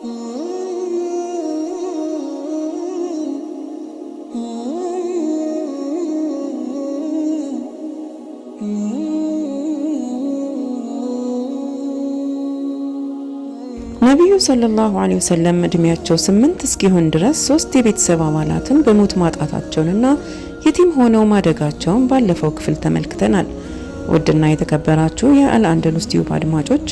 ነቢዩ ሰለላሁ ዐለይሂ ወሰለም እድሜያቸው ስምንት እስኪሆን ድረስ ሶስት የቤተሰብ አባላትን በሞት ማጣታቸውንና የቲም ሆነው ማደጋቸውን ባለፈው ክፍል ተመልክተናል። ውድና የተከበራችሁ የአልአንደሉስ ቲዩብ አድማጮች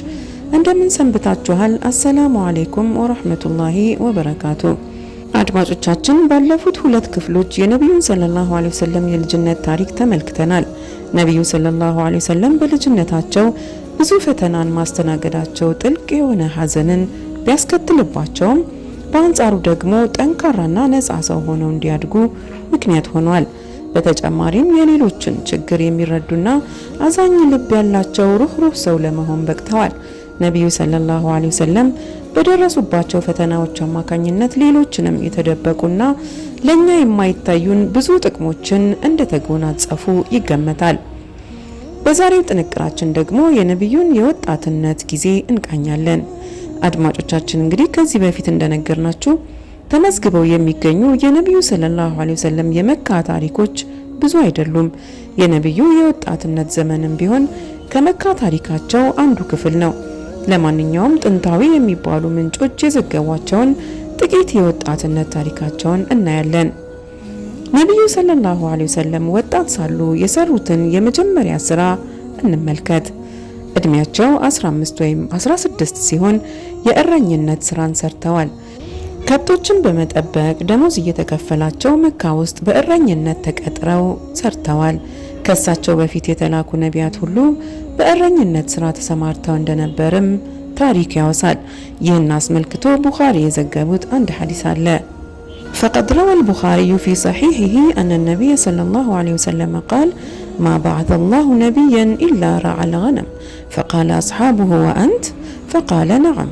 እንደምን ሰንብታችኋል? አሰላሙ አሌይኩም ወረህመቱላሂ ወበረካቱ። አድማጮቻችን ባለፉት ሁለት ክፍሎች የነቢዩን ሰለላሁ ዐለይሂ ወሰለም የልጅነት ታሪክ ተመልክተናል። ነቢዩ ሰለላሁ ዐለይሂ ወሰለም በልጅነታቸው ብዙ ፈተናን ማስተናገዳቸው ጥልቅ የሆነ ሐዘንን ቢያስከትልባቸውም በአንጻሩ ደግሞ ጠንካራና ነፃ ሰው ሆነው እንዲያድጉ ምክንያት ሆኗል። በተጨማሪም የሌሎችን ችግር የሚረዱና አዛኝ ልብ ያላቸው ሩህሩህ ሰው ለመሆን በቅተዋል። ነቢዩ ሰለላሁ ዐለይሂ ወሰለም በደረሱባቸው ፈተናዎች አማካኝነት ሌሎችንም የተደበቁና ለእኛ የማይታዩን ብዙ ጥቅሞችን እንደተጎናጸፉ ይገመታል። በዛሬው ጥንቅራችን ደግሞ የነቢዩን የወጣትነት ጊዜ እንቃኛለን። አድማጮቻችን እንግዲህ ከዚህ በፊት እንደነገርናችሁ ተመዝግበው የሚገኙ የነቢዩ ሰለላሁ ዐለይሂ ወሰለም የመካ ታሪኮች ብዙ አይደሉም። የነቢዩ የወጣትነት ዘመንም ቢሆን ከመካ ታሪካቸው አንዱ ክፍል ነው። ለማንኛውም ጥንታዊ የሚባሉ ምንጮች የዘገቧቸውን ጥቂት የወጣትነት ታሪካቸውን እናያለን። ነቢዩ ሰለላሁ ዐለይሂ ወሰለም ወጣት ሳሉ የሰሩትን የመጀመሪያ ስራ እንመልከት። እድሜያቸው 15 ወይም 16 ሲሆን የእረኝነት ስራን ሰርተዋል። ከብቶችን በመጠበቅ ደሞዝ እየተከፈላቸው መካ ውስጥ በእረኝነት ተቀጥረው ሰርተዋል። ከእሳቸው በፊት የተላኩ ነቢያት ሁሉ በእረኝነት ስራ ተሰማርተው እንደነበርም ታሪክ ያወሳል። ይህን አስመልክቶ ቡኻሪ የዘገቡት አንድ ሐዲስ አለ። فقد روى البخاري في صحيحه أن النبي صلى الله عليه وسلم قال ما بعث الله نبيا إلا رعى الغنم فقال أصحابه وأنت فقال نعم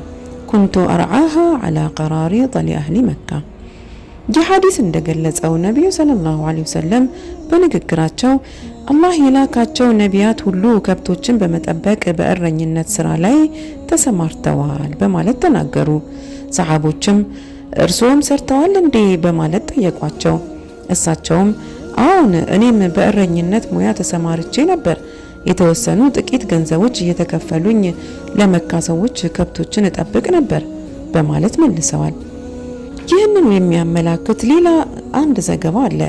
كنت أرعاها على قراريط لأهل مكة ይህ ሀዲስ እንደገለጸው ነቢዩ ሰለላሁ ዐለይሂ ወሰለም በንግግራቸው አላህ የላካቸው ነቢያት ሁሉ ከብቶችን በመጠበቅ በእረኝነት ስራ ላይ ተሰማርተዋል በማለት ተናገሩ። ሰሓቦችም እርስዎም ሰርተዋል እንዴ በማለት ጠየቋቸው። እሳቸውም አሁን እኔም በእረኝነት ሙያ ተሰማርቼ ነበር። የተወሰኑ ጥቂት ገንዘቦች እየተከፈሉኝ ለመካ ሰዎች ከብቶችን እጠብቅ ነበር በማለት መልሰዋል። ይህንን የሚያመላክት ሌላ አንድ ዘገባ አለ።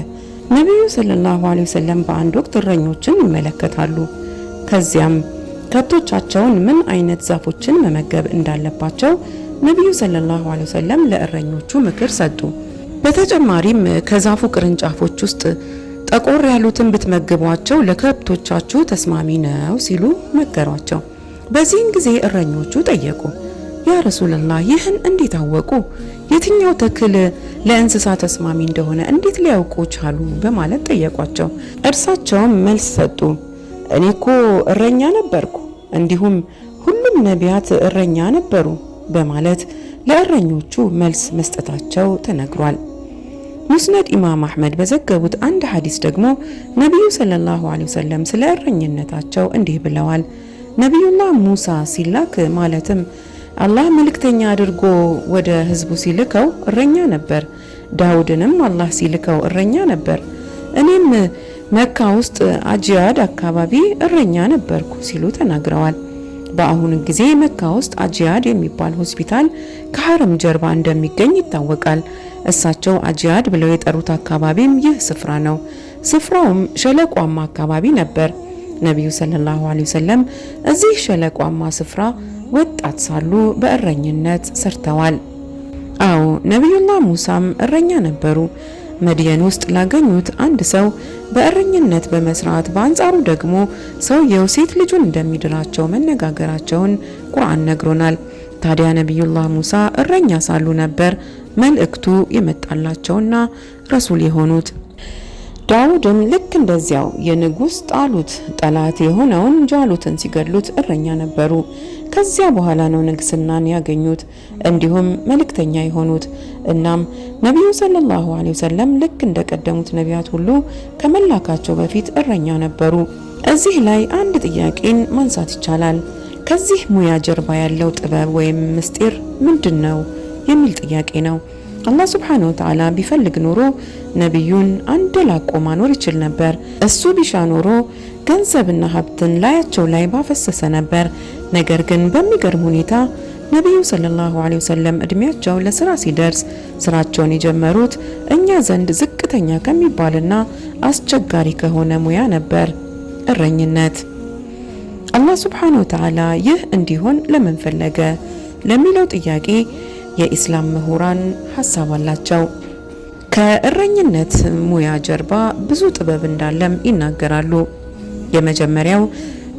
ነቢዩ ሰለላሁ ዐለይሂ ወሰለም በአንድ ወቅት እረኞችን ይመለከታሉ። ከዚያም ከብቶቻቸውን ምን አይነት ዛፎችን መመገብ እንዳለባቸው ነቢዩ ሰለላሁ ዐለይሂ ወሰለም ለእረኞቹ ምክር ሰጡ። በተጨማሪም ከዛፉ ቅርንጫፎች ውስጥ ጠቆር ያሉትን ብትመግቧቸው ለከብቶቻችሁ ተስማሚ ነው ሲሉ መከሯቸው። በዚህን ጊዜ እረኞቹ ጠየቁ ያ ረሱልላህ ይህን እንዴት አወቁ? የትኛው ተክል ለእንስሳ ተስማሚ እንደሆነ እንዴት ሊያውቁ ቻሉ? በማለት ጠየቋቸው። እርሳቸውም መልስ ሰጡ። እኔ እኮ እረኛ ነበርኩ፣ እንዲሁም ሁሉም ነቢያት እረኛ ነበሩ በማለት ለእረኞቹ መልስ መስጠታቸው ተነግሯል። ሙስነድ ኢማም አሕመድ በዘገቡት አንድ ሐዲስ ደግሞ ነቢዩ ሰለላሁ ዐለይሂ ወሰለም ስለ እረኝነታቸው እንዲህ ብለዋል። ነቢዩላህ ሙሳ ሲላክ ማለትም አላህ መልእክተኛ አድርጎ ወደ ህዝቡ ሲልከው እረኛ ነበር። ዳውድንም አላህ ሲልከው እረኛ ነበር። እኔም መካ ውስጥ አጂያድ አካባቢ እረኛ ነበርኩ ሲሉ ተናግረዋል። በአሁኑ ጊዜ መካ ውስጥ አጂያድ የሚባል ሆስፒታል ከሐረም ጀርባ እንደሚገኝ ይታወቃል። እሳቸው አጂያድ ብለው የጠሩት አካባቢም ይህ ስፍራ ነው። ስፍራውም ሸለቋማ አካባቢ ነበር። ነቢዩ ሰለላሁ ዐለይሂ ወሰለም እዚህ ሸለቋማ ስፍራ ወጣት ሳሉ በእረኝነት ሰርተዋል። አዎ ነቢዩላህ ሙሳም እረኛ ነበሩ። መድየን ውስጥ ላገኙት አንድ ሰው በእረኝነት በመስራት በአንጻሩ ደግሞ ሰውየው ሴት ልጁን እንደሚድራቸው መነጋገራቸውን ቁርአን ነግሮናል። ታዲያ ነቢዩላህ ሙሳ እረኛ ሳሉ ነበር መልእክቱ የመጣላቸውና ረሱል የሆኑት። ዳውድም ልክ እንደዚያው የንጉሥ ጣሉት ጠላት የሆነውን ጃሉትን ሲገድሉት እረኛ ነበሩ። ከዚያ በኋላ ነው ንግስናን ያገኙት እንዲሁም መልእክተኛ የሆኑት። እናም ነቢዩ ሰለላሁ ዐለይሂ ወሰለም ልክ እንደ ቀደሙት ነቢያት ሁሉ ከመላካቸው በፊት እረኛ ነበሩ። እዚህ ላይ አንድ ጥያቄን ማንሳት ይቻላል። ከዚህ ሙያ ጀርባ ያለው ጥበብ ወይም ምስጢር ምንድን ነው የሚል ጥያቄ ነው። አላህ ሱብሓነሁ ወተዓላ ቢፈልግ ኑሮ ነቢዩን አንድ ላቆ ማኖር ይችል ነበር። እሱ ቢሻ ኖሮ ገንዘብና ሀብትን ላያቸው ላይ ባፈሰሰ ነበር። ነገር ግን በሚገርም ሁኔታ ነቢዩ ሰለላሁ ዐለይሂ ወሰለም እድሜያቸው ለስራ ሲደርስ ስራቸውን የጀመሩት እኛ ዘንድ ዝቅተኛ ከሚባልና አስቸጋሪ ከሆነ ሙያ ነበር፣ እረኝነት። አላህ ሱብሓነሁ ወተዓላ ይህ እንዲሆን ለምን ፈለገ ለሚለው ጥያቄ የኢስላም ምሁራን ሀሳብ አላቸው። ከእረኝነት ሙያ ጀርባ ብዙ ጥበብ እንዳለም ይናገራሉ። የመጀመሪያው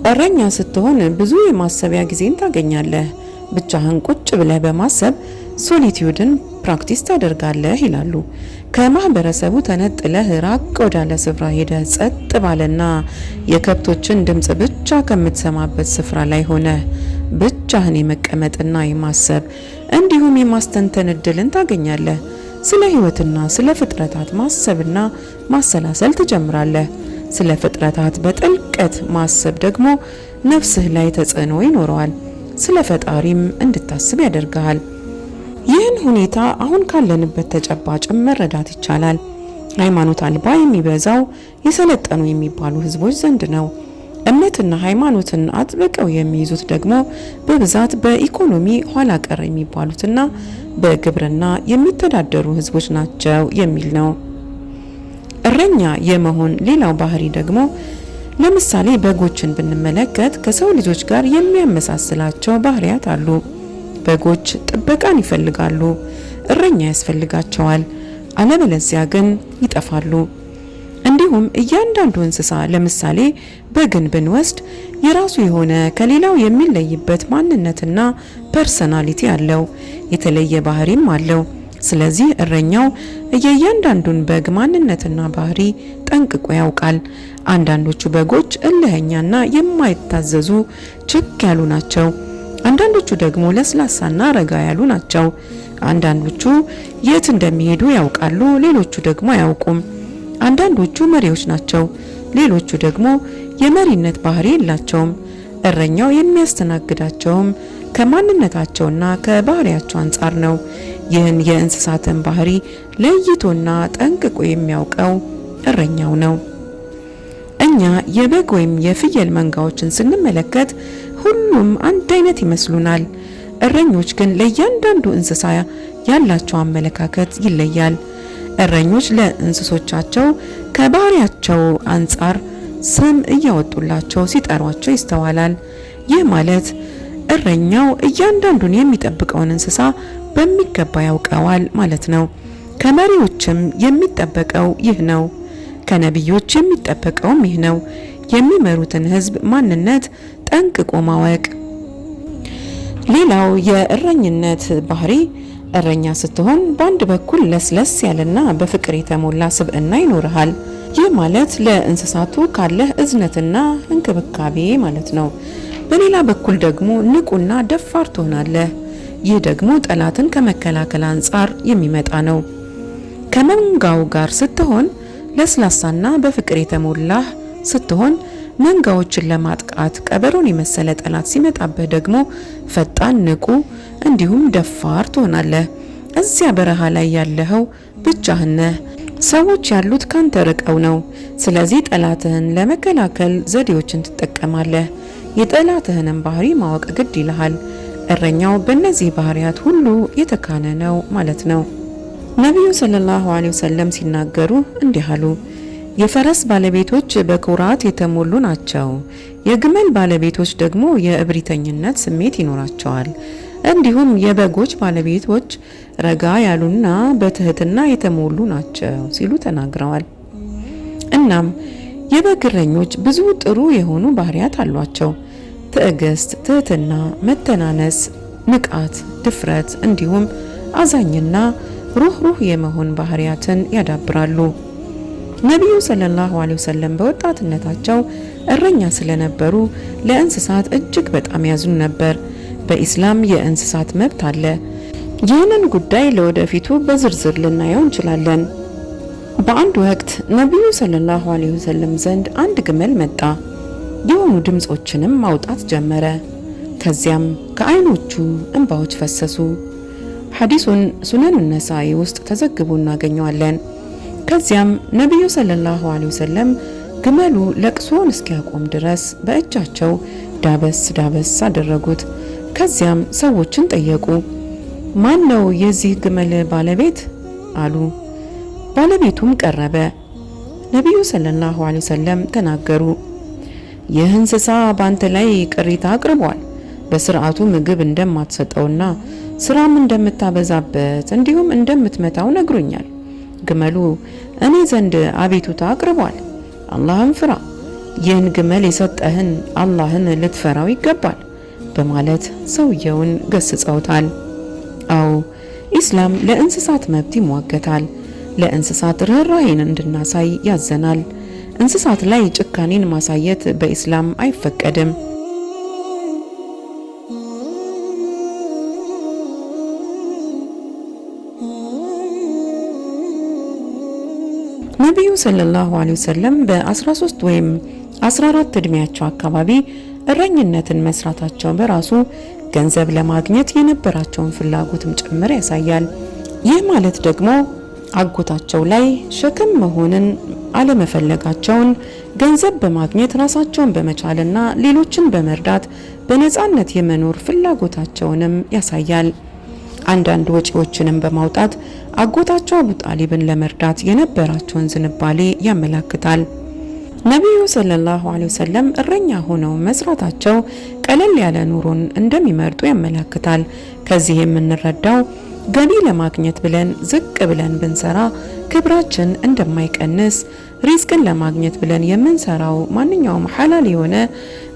እረኛ ስትሆን ብዙ የማሰቢያ ጊዜን ታገኛለህ። ብቻህን ቁጭ ብለህ በማሰብ ሶሊቲዩድን ፕራክቲስ ታደርጋለህ ይላሉ። ከማህበረሰቡ ተነጥለህ ራቅ ወዳለ ስፍራ ሄደህ ጸጥ ባለና የከብቶችን ድምፅ ብቻ ከምትሰማበት ስፍራ ላይ ሆነህ ብቻህን የመቀመጥና የማሰብ እንዲሁም የማስተንተን እድልን ታገኛለህ። ስለ ህይወትና ስለ ፍጥረታት ማሰብና ማሰላሰል ትጀምራለህ። ስለ ፍጥረታት በጥልቀት ማሰብ ደግሞ ነፍስህ ላይ ተጽዕኖ ይኖረዋል፣ ስለ ፈጣሪም እንድታስብ ያደርግሃል። ይህን ሁኔታ አሁን ካለንበት ተጨባጭም መረዳት ይቻላል። ሃይማኖት አልባ የሚበዛው የሰለጠኑ የሚባሉ ህዝቦች ዘንድ ነው። እምነትና ሃይማኖትን አጥብቀው የሚይዙት ደግሞ በብዛት በኢኮኖሚ ኋላ ቀር የሚባሉትና በግብርና የሚተዳደሩ ህዝቦች ናቸው የሚል ነው። እረኛ የመሆን ሌላው ባህሪ ደግሞ ለምሳሌ በጎችን ብንመለከት ከሰው ልጆች ጋር የሚያመሳስላቸው ባህሪያት አሉ። በጎች ጥበቃን ይፈልጋሉ፣ እረኛ ያስፈልጋቸዋል። አለበለዚያ ግን ይጠፋሉ። እንዲሁም እያንዳንዱ እንስሳ ለምሳሌ በግን ብንወስድ የራሱ የሆነ ከሌላው የሚለይበት ማንነትና ፐርሰናሊቲ አለው፣ የተለየ ባህሪም አለው። ስለዚህ እረኛው የእያንዳንዱን በግ ማንነትና ባህሪ ጠንቅቆ ያውቃል። አንዳንዶቹ በጎች እልህኛና የማይታዘዙ ችክ ያሉ ናቸው። አንዳንዶቹ ደግሞ ለስላሳና ረጋ ያሉ ናቸው። አንዳንዶቹ የት እንደሚሄዱ ያውቃሉ፣ ሌሎቹ ደግሞ አያውቁም። አንዳንዶቹ መሪዎች ናቸው፣ ሌሎቹ ደግሞ የመሪነት ባህሪ የላቸውም። እረኛው የሚያስተናግዳቸውም ከማንነታቸውና ከባህሪያቸው አንጻር ነው። ይህን የእንስሳትን ባህሪ ለይቶና ጠንቅቆ የሚያውቀው እረኛው ነው። እኛ የበግ ወይም የፍየል መንጋዎችን ስንመለከት ሁሉም አንድ አይነት ይመስሉናል። እረኞች ግን ለእያንዳንዱ እንስሳ ያላቸው አመለካከት ይለያል። እረኞች ለእንስሶቻቸው ከባህሪያቸው አንጻር ስም እያወጡላቸው ሲጠሯቸው ይስተዋላል። ይህ ማለት እረኛው እያንዳንዱን የሚጠብቀውን እንስሳ በሚገባ ያውቀዋል ማለት ነው። ከመሪዎችም የሚጠበቀው ይህ ነው። ከነቢዮች የሚጠበቀውም ይህ ነው። የሚመሩትን ሕዝብ ማንነት ጠንቅቆ ማወቅ። ሌላው የእረኝነት ባህሪ እረኛ ስትሆን በአንድ በኩል ለስለስ ያለና በፍቅር የተሞላ ስብዕና ይኖርሃል። ይህ ማለት ለእንስሳቱ ካለህ እዝነትና እንክብካቤ ማለት ነው። በሌላ በኩል ደግሞ ንቁና ደፋር ትሆናለህ። ይህ ደግሞ ጠላትን ከመከላከል አንጻር የሚመጣ ነው። ከመንጋው ጋር ስትሆን ለስላሳና በፍቅር የተሞላህ ስትሆን መንጋዎችን ለማጥቃት ቀበሮን የመሰለ ጠላት ሲመጣበት ደግሞ ፈጣን፣ ንቁ እንዲሁም ደፋር ትሆናለህ። እዚያ በረሃ ላይ ያለኸው ብቻህን ነህ። ሰዎች ያሉት ካንተ ርቀው ነው። ስለዚህ ጠላትህን ለመከላከል ዘዴዎችን ትጠቀማለህ። የጠላትህንም ባህሪ ማወቅ ግድ ይልሃል። እረኛው በእነዚህ ባህሪያት ሁሉ የተካነ ነው ማለት ነው። ነቢዩ ሰለላሁ ዐለይሂ ወሰለም ሲናገሩ እንዲህ አሉ። የፈረስ ባለቤቶች በኩራት የተሞሉ ናቸው። የግመል ባለቤቶች ደግሞ የእብሪተኝነት ስሜት ይኖራቸዋል። እንዲሁም የበጎች ባለቤቶች ረጋ ያሉና በትህትና የተሞሉ ናቸው ሲሉ ተናግረዋል። እናም የበግ እረኞች ብዙ ጥሩ የሆኑ ባህሪያት አሏቸው። ትዕግስት፣ ትህትና፣ መተናነስ፣ ንቃት፣ ድፍረት እንዲሁም አዛኝና ሩህሩህ የመሆን ባህሪያትን ያዳብራሉ። ነቢዩ ሰለላሁ ዐለይሂ ወሰለም በወጣትነታቸው እረኛ ስለነበሩ ለእንስሳት እጅግ በጣም ያዝኑ ነበር። በኢስላም የእንስሳት መብት አለ። ይህንን ጉዳይ ለወደፊቱ በዝርዝር ልናየው እንችላለን። በአንድ ወቅት ነቢዩ ሰለላሁ ዐለይሂ ወሰለም ዘንድ አንድ ግመል መጣ። የሆኑ ድምፆችንም ማውጣት ጀመረ። ከዚያም ከዓይኖቹ እንባዎች ፈሰሱ። ሐዲሱን ሱነኑ ነሳኢ ውስጥ ተዘግቦ እናገኘዋለን። ከዚያም ነቢዩ ሰለላሁ ዐለይሂ ወሰለም ግመሉ ለቅሶውን እስኪያቆም ድረስ በእጃቸው ዳበስ ዳበስ አደረጉት። ከዚያም ሰዎችን ጠየቁ። ማን ነው የዚህ ግመል ባለቤት አሉ። ባለቤቱም ቀረበ። ነቢዩ ሰለላሁ ዐለይሂ ወሰለም ተናገሩ። ይህ እንስሳ በአንተ ላይ ቅሬታ አቅርቧል። በስርዓቱ ምግብ እንደማትሰጠውና ስራም እንደምታበዛበት እንዲሁም እንደምትመታው ነግሮኛል። ግመሉ እኔ ዘንድ አቤቱታ አቅርቧል፣ አላህን ፍራ፣ ይህን ግመል የሰጠህን አላህን ልትፈራው ይገባል በማለት ሰውየውን ገስጸውታል። አዎ ኢስላም ለእንስሳት መብት ይሟገታል። ለእንስሳት ርኅራኄን እንድናሳይ ያዘናል። እንስሳት ላይ ጭካኔን ማሳየት በኢስላም አይፈቀድም። ነቢዩ ሰለላሁ ዐለይሂ ወሰለም በ13 ወይም 14 ዕድሜያቸው አካባቢ እረኝነትን መስራታቸው በራሱ ገንዘብ ለማግኘት የነበራቸውን ፍላጎትም ጭምር ያሳያል። ይህ ማለት ደግሞ አጎታቸው ላይ ሸክም መሆንን አለመፈለጋቸውን፣ ገንዘብ በማግኘት ራሳቸውን በመቻልና ሌሎችን በመርዳት በነፃነት የመኖር ፍላጎታቸውንም ያሳያል። አንዳንድ ወጪዎችንም በማውጣት አጎታቸው አቡ ጣሊብን ለመርዳት የነበራቸውን ዝንባሌ ያመለክታል። ነቢዩ ሰለላሁ ዐለይሂ ወሰለም እረኛ ሆነው መስራታቸው ቀለል ያለ ኑሮን እንደሚመርጡ ያመለክታል። ከዚህ የምንረዳው ገቢ ለማግኘት ብለን ዝቅ ብለን ብንሰራ ክብራችን እንደማይቀንስ፣ ሪዝቅን ለማግኘት ብለን የምንሰራው ማንኛውም ሐላል የሆነ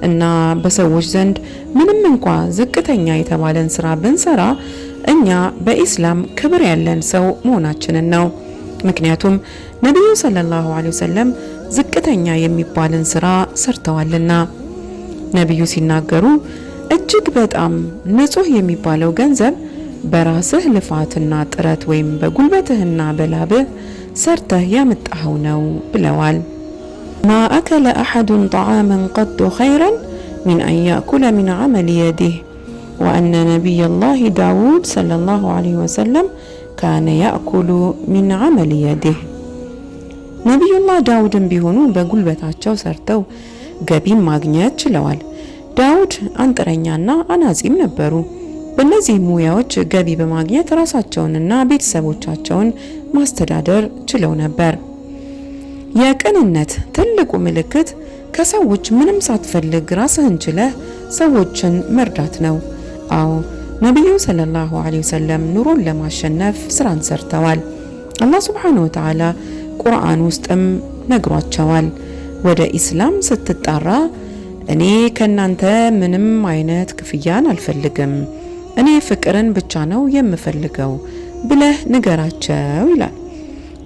እና በሰዎች ዘንድ ምንም እንኳ ዝቅተኛ የተባለን ስራ ብንሰራ እኛ በኢስላም ክብር ያለን ሰው መሆናችንን ነው። ምክንያቱም ነቢዩ ሰለላሁ ዐለይሂ ወሰለም ዝቅተኛ የሚባልን ስራ ሰርተዋልና። ነቢዩ ሲናገሩ እጅግ በጣም ንጹህ የሚባለው ገንዘብ በራስህ ልፋትና ጥረት ወይም በጉልበትህና በላብህ ሰርተህ ያመጣኸው ነው ብለዋል። ማ አከለ አሐዱን ጠዓመን ቀጡ ኸይረን ሚን አን ያእኩለ ሚን ዐመል የዲህ ወአነ ነቢየላሂ ዳውድ ሰለላሁ ዓለይሂ ወሰለም ካነ ያእኩሉ ሚን ዐመል የዲህ ነቢዩላህ ዳውድም ቢሆኑ በጉልበታቸው ሰርተው ገቢም ማግኘት ችለዋል። ዳውድ አንጥረኛና አናጺም ነበሩ። በእነዚህ ሙያዎች ገቢ በማግኘት ራሳቸውንና ቤተሰቦቻቸውን ማስተዳደር ችለው ነበር። የቅንነት ትልቁ ምልክት ከሰዎች ምንም ሳትፈልግ ራስህን ችለህ ሰዎችን መርዳት ነው። او نبي صلى الله عليه وسلم نور لما شنف سران سرتوال الله سبحانه وتعالى قرآن وستم نقرات شوال ودى إسلام ستتارا أني كان أنت منم عينات كفيان الفلقم أني فكرا بتشانو يم فلقو بلا نقرات شاولا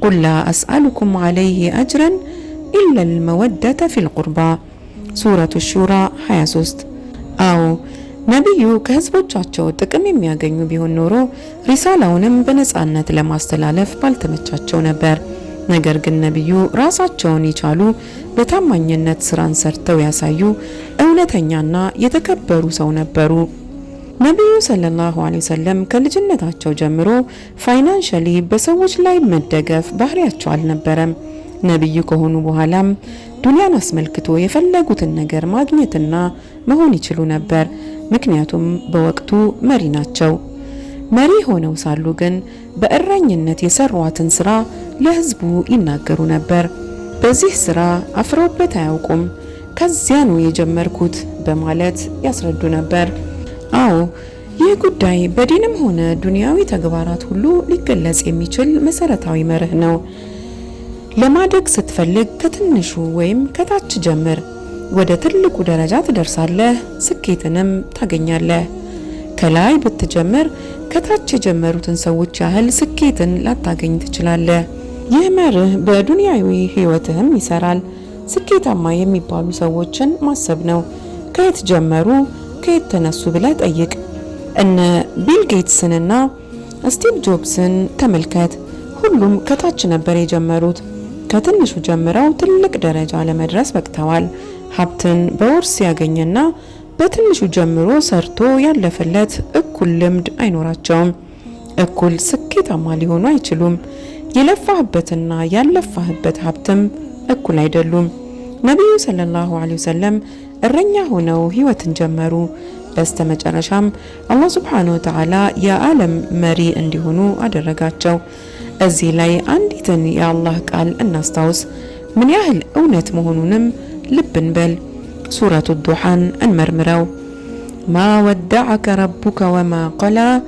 قل لا أسألكم عليه أجرا إلا المودة في القربى سورة الشورى حيا أو ነቢዩ ከህዝቦቻቸው ጥቅም የሚያገኙ ቢሆን ኖሮ ሪሳላውንም በነፃነት ለማስተላለፍ ባልተመቻቸው ነበር። ነገር ግን ነቢዩ ራሳቸውን የቻሉ በታማኝነት ስራን ሰርተው ያሳዩ እውነተኛና የተከበሩ ሰው ነበሩ። ነቢዩ ሰለላሁ ዐለይሂ ወሰለም ከልጅነታቸው ጀምሮ ፋይናንሻሊ በሰዎች ላይ መደገፍ ባህሪያቸው አልነበረም። ነቢዩ ከሆኑ በኋላም ዱንያን አስመልክቶ የፈለጉትን ነገር ማግኘትና መሆን ይችሉ ነበር። ምክንያቱም በወቅቱ መሪ ናቸው። መሪ ሆነው ሳሉ ግን በእረኝነት የሰሯትን ስራ ለህዝቡ ይናገሩ ነበር። በዚህ ስራ አፍረውበት አያውቁም፣ ከዚያ ነው የጀመርኩት በማለት ያስረዱ ነበር። አዎ ይህ ጉዳይ በዲንም ሆነ ዱንያዊ ተግባራት ሁሉ ሊገለጽ የሚችል መሰረታዊ መርህ ነው። ለማደግ ስትፈልግ ከትንሹ ወይም ከታች ጀምር። ወደ ትልቁ ደረጃ ትደርሳለህ፣ ስኬትንም ታገኛለህ። ከላይ ብትጀምር ከታች የጀመሩትን ሰዎች ያህል ስኬትን ላታገኝ ትችላለህ። ይህ መርህ በዱንያዊ ህይወትህም ይሰራል። ስኬታማ የሚባሉ ሰዎችን ማሰብ ነው። ከየት ጀመሩ፣ ከየት ተነሱ ብለህ ጠይቅ። እነ ቢል ጌትስንና ስቲቭ ጆብስን ተመልከት። ሁሉም ከታች ነበር የጀመሩት። ከትንሹ ጀምረው ትልቅ ደረጃ ለመድረስ በቅተዋል። ሀብትን በውርስ ያገኘና በትንሹ ጀምሮ ሰርቶ ያለፈለት እኩል ልምድ አይኖራቸውም። እኩል ስኬታማ ሊሆኑ አይችሉም። የለፋህበትና ያለፋህበት ሀብትም እኩል አይደሉም። ነቢዩ ሰለላሁ ዐለይሂ ወሰለም እረኛ ሆነው ህይወትን ጀመሩ። መጨረሻም አላህ ሱብሓነሁ ወተዓላ የዓለም መሪ እንዲሆኑ አደረጋቸው። እዚህ ላይ አንዲትን የአላህ ቃል እናስታውስ፣ ምን ያህል እውነት መሆኑንም لبنبل بل سورة الضحى المرمرو ما ودعك ربك وما قلى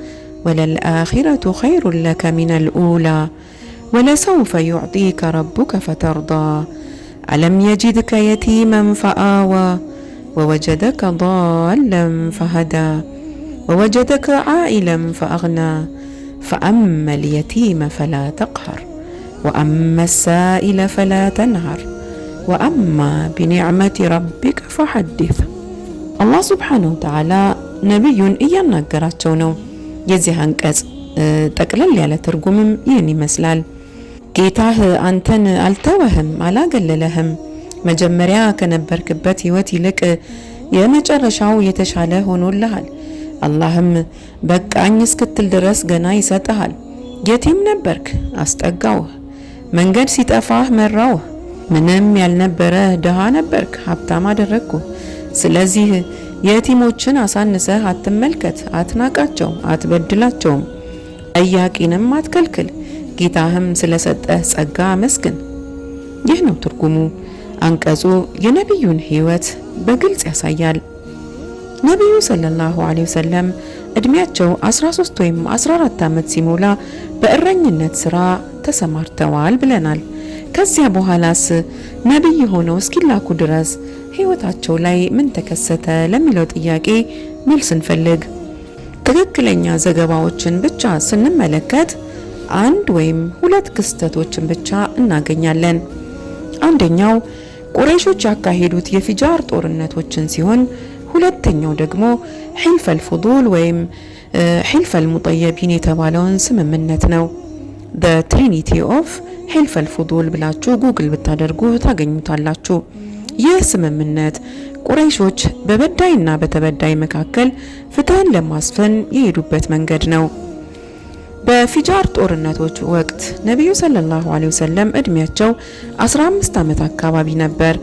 وللآخرة خير لك من الأولى ولسوف يعطيك ربك فترضى ألم يجدك يتيما فآوى ووجدك ضالا فهدى ووجدك عائلا فأغنى فأما اليتيم فلا تقهر وأما السائل فلا تنهر ወአማ ቢኒዕመቲ ረቢከ ፈሐዲት አላህ ሱብሓነሁ ወተዓላ ነቢዩን እያናገራቸው ነው። የዚህ አንቀጽ ጠቅለል ያለ ትርጉምም ይህን ይመስላል። ጌታህ አንተን አልተወህም፣ አላገለለህም። መጀመሪያ ከነበርክበት ህይወት ይልቅ የመጨረሻው የተሻለ ሆኖልሃል። አላህም በቃኝ እስክትል ድረስ ገና ይሰጥሃል። የቲም ነበርክ፣ አስጠጋውህ። መንገድ ሲጠፋህ መራውህ ምንም ያልነበረ ድሃ ነበርክ፣ ሀብታም አደረግኩ። ስለዚህ የቲሞችን አሳንሰህ አትመልከት፣ አትናቃቸው፣ አትበድላቸውም፣ ጠያቂንም አትከልክል። ጌታህም ስለሰጠህ ጸጋ አመስግን። ይህ ነው ትርጉሙ። አንቀጹ የነቢዩን ሕይወት በግልጽ ያሳያል። ነቢዩ ሰለላሁ ዐለይሂ ወሰለም እድሜያቸው 13 ወይም 14 ዓመት ሲሞላ በእረኝነት ስራ ተሰማርተዋል ብለናል። ከዚያ በኋላስ ነቢይ ሆነው እስኪላኩ ድረስ ሕይወታቸው ላይ ምን ተከሰተ ለሚለው ጥያቄ መልስ እንፈልግ። ትክክለኛ ዘገባዎችን ብቻ ስንመለከት አንድ ወይም ሁለት ክስተቶችን ብቻ እናገኛለን። አንደኛው ቁረይሾች ያካሄዱት የፊጃር ጦርነቶችን ሲሆን ሁለተኛው ደግሞ ሒልፈል ፉዱል ወይም ሒልፈል ሙጠየቢን የተባለውን ስምምነት ነው። ትሪኒቲ ኦፍ ሄልፈል ፉዱል ብላችሁ ጉግል ብታደርጉ ታገኙታላችሁ። ይህ ስምምነት ቁረይሾች በበዳይና በተበዳይ መካከል ፍትህን ለማስፈን የሄዱበት መንገድ ነው። በፊጃር ጦርነቶች ወቅት ነቢዩ ሰለላሁ ዐለይሂ ወሰለም እድሜያቸው 15 ዓመት አካባቢ ነበር።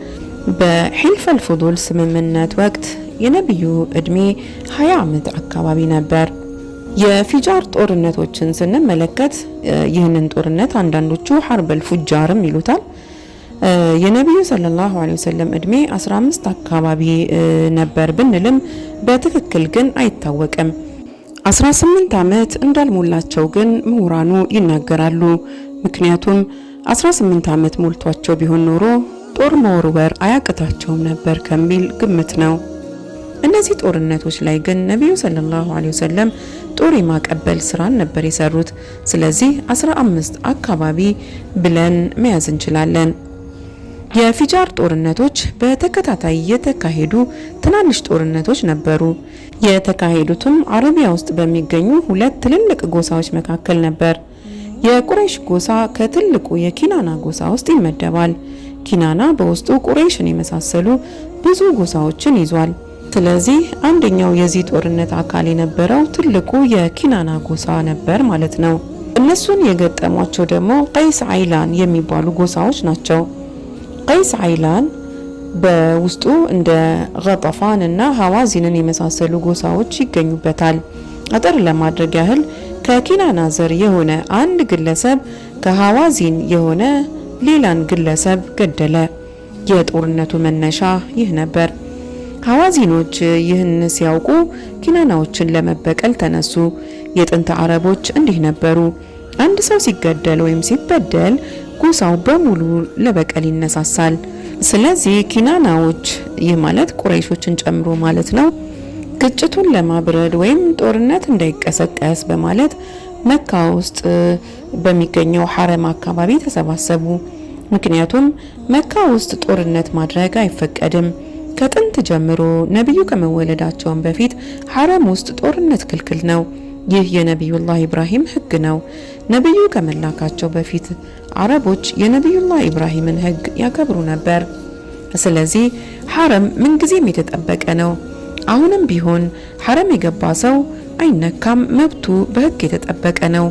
በሂልፈል ፉዱል ስምምነት ወቅት የነቢዩ እድሜ 20 ዓመት አካባቢ ነበር። የፊጃር ጦርነቶችን ስንመለከት ይህንን ጦርነት አንዳንዶቹ ሀርበል ፉጃርም ይሉታል። የነቢዩ ሰለላሁ ዐለይሂ ወሰለም እድሜ 15 አካባቢ ነበር ብንልም በትክክል ግን አይታወቅም። 18 ዓመት እንዳልሞላቸው ግን ምሁራኑ ይናገራሉ። ምክንያቱም 18 ዓመት ሞልቷቸው ቢሆን ኖሮ ጦር መወርወር አያቅታቸውም ነበር ከሚል ግምት ነው። እነዚህ ጦርነቶች ላይ ግን ነቢዩ ሰለላሁ ዐለይሂ ወሰለም ጦር የማቀበል ስራን ነበር የሰሩት። ስለዚህ 15 አካባቢ ብለን መያዝ እንችላለን። የፊጃር ጦርነቶች በተከታታይ የተካሄዱ ትናንሽ ጦርነቶች ነበሩ። የተካሄዱትም አረቢያ ውስጥ በሚገኙ ሁለት ትልልቅ ጎሳዎች መካከል ነበር። የቁረይሽ ጎሳ ከትልቁ የኪናና ጎሳ ውስጥ ይመደባል። ኪናና በውስጡ ቁረይሽን የመሳሰሉ ብዙ ጎሳዎችን ይዟል። ስለዚህ አንደኛው የዚህ ጦርነት አካል የነበረው ትልቁ የኪናና ጎሳ ነበር ማለት ነው። እነሱን የገጠሟቸው ደግሞ ቀይስ አይላን የሚባሉ ጎሳዎች ናቸው። ቀይስ አይላን በውስጡ እንደ ገጠፋን እና ሀዋዚንን የመሳሰሉ ጎሳዎች ይገኙበታል። አጠር ለማድረግ ያህል ከኪናና ዘር የሆነ አንድ ግለሰብ ከሀዋዚን የሆነ ሌላን ግለሰብ ገደለ። የጦርነቱ መነሻ ይህ ነበር። ሐዋዚኖች ይህን ሲያውቁ ኪናናዎችን ለመበቀል ተነሱ። የጥንት አረቦች እንዲህ ነበሩ። አንድ ሰው ሲገደል ወይም ሲበደል ጎሳው በሙሉ ለበቀል ይነሳሳል። ስለዚህ ኪናናዎች ይህ ማለት ቁረይሾችን ጨምሮ ማለት ነው ግጭቱን ለማብረድ ወይም ጦርነት እንዳይቀሰቀስ በማለት መካ ውስጥ በሚገኘው ሐረም አካባቢ ተሰባሰቡ። ምክንያቱም መካ ውስጥ ጦርነት ማድረግ አይፈቀድም። ከጥንት ጀምሮ ነቢዩ ከመወለዳቸውን በፊት ሐረም ውስጥ ጦርነት ክልክል ነው። ይህ የነቢዩላህ ኢብራሂም ህግ ነው። ነቢዩ ከመላካቸው በፊት አረቦች የነቢዩላህ ኢብራሂምን ህግ ያከብሩ ነበር። ስለዚህ ሐረም ምንጊዜም የተጠበቀ ነው። አሁንም ቢሆን ሐረም የገባ ሰው አይነካም፣ መብቱ በህግ የተጠበቀ ነው።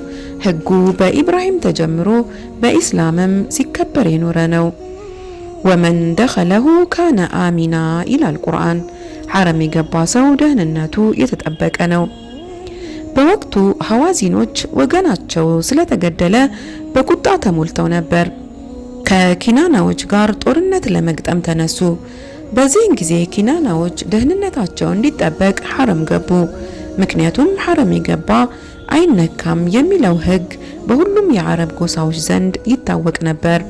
ህጉ በኢብራሂም ተጀምሮ በኢስላምም ሲከበር የኖረ ነው። ወመን ደኸለሁ ካነ አሚና ይላል ቁርአን። ሐረም የገባ ሰው ደህንነቱ የተጠበቀ ነው። በወቅቱ ሐዋዚኖች ወገናቸው ስለተገደለ በቁጣ ተሞልተው ነበር። ከኪናናዎች ጋር ጦርነት ለመግጠም ተነሱ። በዚህን ጊዜ ኪናናዎች ደህንነታቸው እንዲጠበቅ ሐረም ገቡ። ምክንያቱም ሐረም የገባ አይነካም የሚለው ሕግ በሁሉም የአረብ ጎሳዎች ዘንድ ይታወቅ ነበር።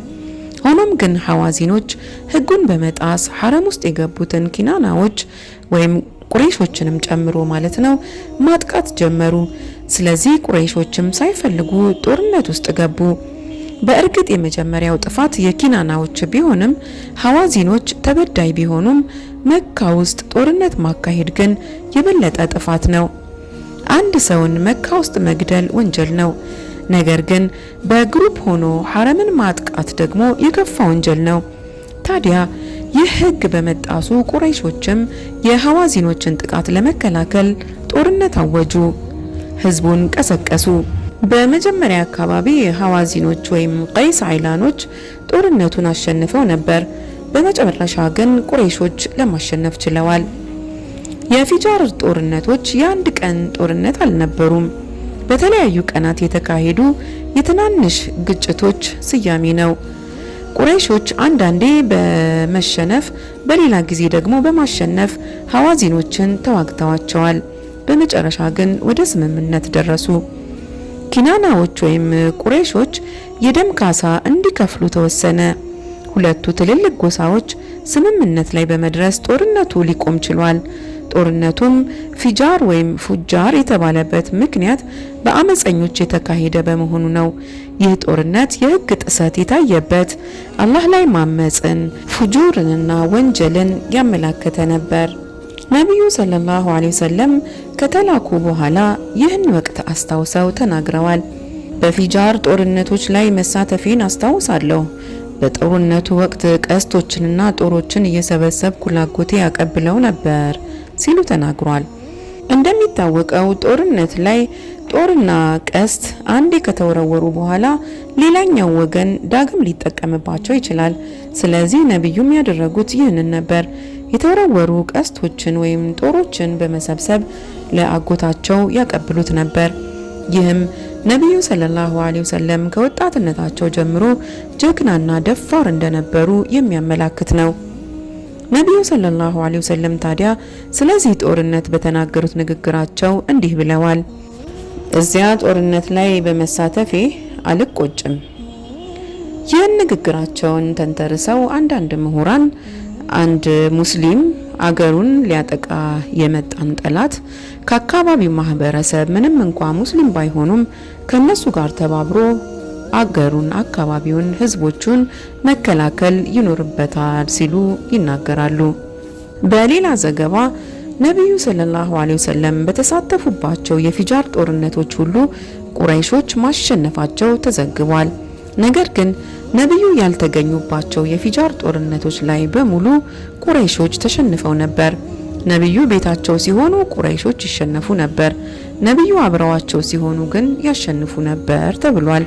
ሆኖም ግን ሐዋዚኖች ህጉን በመጣስ ሐረም ውስጥ የገቡትን ኪናናዎች ወይም ቁረይሾችንም ጨምሮ ማለት ነው ማጥቃት ጀመሩ። ስለዚህ ቁረይሾችም ሳይፈልጉ ጦርነት ውስጥ ገቡ። በእርግጥ የመጀመሪያው ጥፋት የኪናናዎች ቢሆንም ሐዋዚኖች ተበዳይ ቢሆኑም መካ ውስጥ ጦርነት ማካሄድ ግን የበለጠ ጥፋት ነው። አንድ ሰውን መካ ውስጥ መግደል ወንጀል ነው። ነገር ግን በግሩፕ ሆኖ ሐረምን ማጥቃት ደግሞ የከፋ ወንጀል ነው። ታዲያ ይህ ህግ በመጣሱ ቁረይሾችም የሐዋዚኖችን ጥቃት ለመከላከል ጦርነት አወጁ፣ ህዝቡን ቀሰቀሱ። በመጀመሪያ አካባቢ ሐዋዚኖች ወይም ቀይስ አይላኖች ጦርነቱን አሸንፈው ነበር። በመጨረሻ ግን ቁረይሾች ለማሸነፍ ችለዋል። የፊጃር ጦርነቶች የአንድ ቀን ጦርነት አልነበሩም። በተለያዩ ቀናት የተካሄዱ የትናንሽ ግጭቶች ስያሜ ነው። ቁረይሾች አንዳንዴ በመሸነፍ በሌላ ጊዜ ደግሞ በማሸነፍ ሐዋዚኖችን ተዋግተዋቸዋል። በመጨረሻ ግን ወደ ስምምነት ደረሱ። ኪናናዎች ወይም ቁረይሾች የደም ካሳ እንዲከፍሉ ተወሰነ። ሁለቱ ትልልቅ ጎሳዎች ስምምነት ላይ በመድረስ ጦርነቱ ሊቆም ችሏል። ጦርነቱም ፊጃር ወይም ፉጃር የተባለበት ምክንያት በአመፀኞች የተካሄደ በመሆኑ ነው። ይህ ጦርነት የሕግ ጥሰት የታየበት፣ አላህ ላይ ማመፅን፣ ፉጁርንና ወንጀልን ያመላከተ ነበር። ነቢዩ ሰለላሁ ዐለይሂ ወሰለም ከተላኩ በኋላ ይህን ወቅት አስታውሰው ተናግረዋል። በፊጃር ጦርነቶች ላይ መሳተፌን አስታውሳለሁ። በጦርነቱ ወቅት ቀስቶችንና ጦሮችን እየሰበሰብኩ ላጎቴ ያቀብለው ነበር። ሲሉ ተናግሯል። እንደሚታወቀው ጦርነት ላይ ጦርና ቀስት አንዴ ከተወረወሩ በኋላ ሌላኛው ወገን ዳግም ሊጠቀምባቸው ይችላል። ስለዚህ ነቢዩም ያደረጉት ይህንን ነበር። የተወረወሩ ቀስቶችን ወይም ጦሮችን በመሰብሰብ ለአጎታቸው ያቀብሉት ነበር። ይህም ነቢዩ ሰለላሁ ዐለይሂ ወሰለም ከወጣትነታቸው ጀምሮ ጀግናና ደፋር እንደነበሩ የሚያመላክት ነው። ነቢዩ ሰለላሁ ዐለይሂ ወሰለም ታዲያ ስለዚህ ጦርነት በተናገሩት ንግግራቸው እንዲህ ብለዋል። እዚያ ጦርነት ላይ በመሳተፌ አልቆጭም። ይህን ንግግራቸውን ተንተርሰው አንዳንድ ምሁራን አንድ ሙስሊም አገሩን ሊያጠቃ የመጣን ጠላት ከአካባቢው ማህበረሰብ ምንም እንኳ ሙስሊም ባይሆኑም ከነሱ ጋር ተባብሮ አገሩን፣ አካባቢውን፣ ህዝቦቹን መከላከል ይኖርበታል ሲሉ ይናገራሉ። በሌላ ዘገባ ነቢዩ ሰለላሁ ዐለይሂ ወሰለም በተሳተፉባቸው የፊጃር ጦርነቶች ሁሉ ቁረይሾች ማሸነፋቸው ተዘግቧል። ነገር ግን ነቢዩ ያልተገኙባቸው የፊጃር ጦርነቶች ላይ በሙሉ ቁረይሾች ተሸንፈው ነበር። ነቢዩ ቤታቸው ሲሆኑ ቁረይሾች ይሸነፉ ነበር። ነቢዩ አብረዋቸው ሲሆኑ ግን ያሸንፉ ነበር ተብሏል።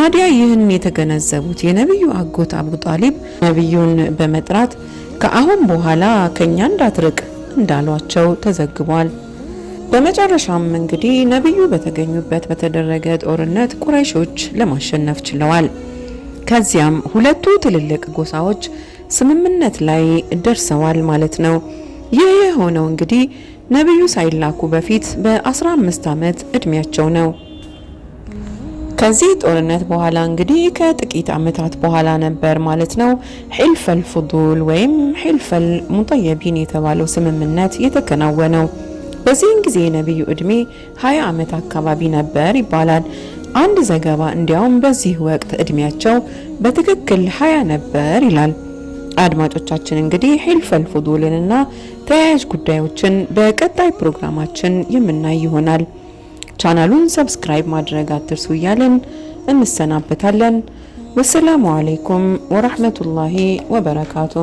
ታዲያ ይህን የተገነዘቡት የነቢዩ አጎት አቡ ጣሊብ ነቢዩን በመጥራት ከአሁን በኋላ ከእኛ እንዳትርቅ እንዳሏቸው ተዘግቧል። በመጨረሻም እንግዲህ ነቢዩ በተገኙበት በተደረገ ጦርነት ቁረይሾች ለማሸነፍ ችለዋል። ከዚያም ሁለቱ ትልልቅ ጎሳዎች ስምምነት ላይ ደርሰዋል ማለት ነው። ይህ የሆነው እንግዲህ ነቢዩ ሳይላኩ በፊት በ15 ዓመት ዕድሜያቸው ነው። ከዚህ ጦርነት በኋላ እንግዲህ ከጥቂት ዓመታት በኋላ ነበር ማለት ነው ሒልፈል ፉዱል ወይም ሒልፈል ሙጠየቢን የተባለው ስምምነት የተከናወነው። በዚህን ጊዜ የነቢዩ ዕድሜ 20 ዓመት አካባቢ ነበር ይባላል። አንድ ዘገባ እንዲያውም በዚህ ወቅት ዕድሜያቸው በትክክል 20 ነበር ይላል። አድማጮቻችን እንግዲህ ሒልፈል ፉዱልንና ተያያዥ ጉዳዮችን በቀጣይ ፕሮግራማችን የምናይ ይሆናል። ቻናሉን ሰብስክራይብ ማድረግ አትርሱ እያለን እንሰናበታለን። ወሰላሙ አለይኩም ወራህመቱላሂ ወበረካቱ።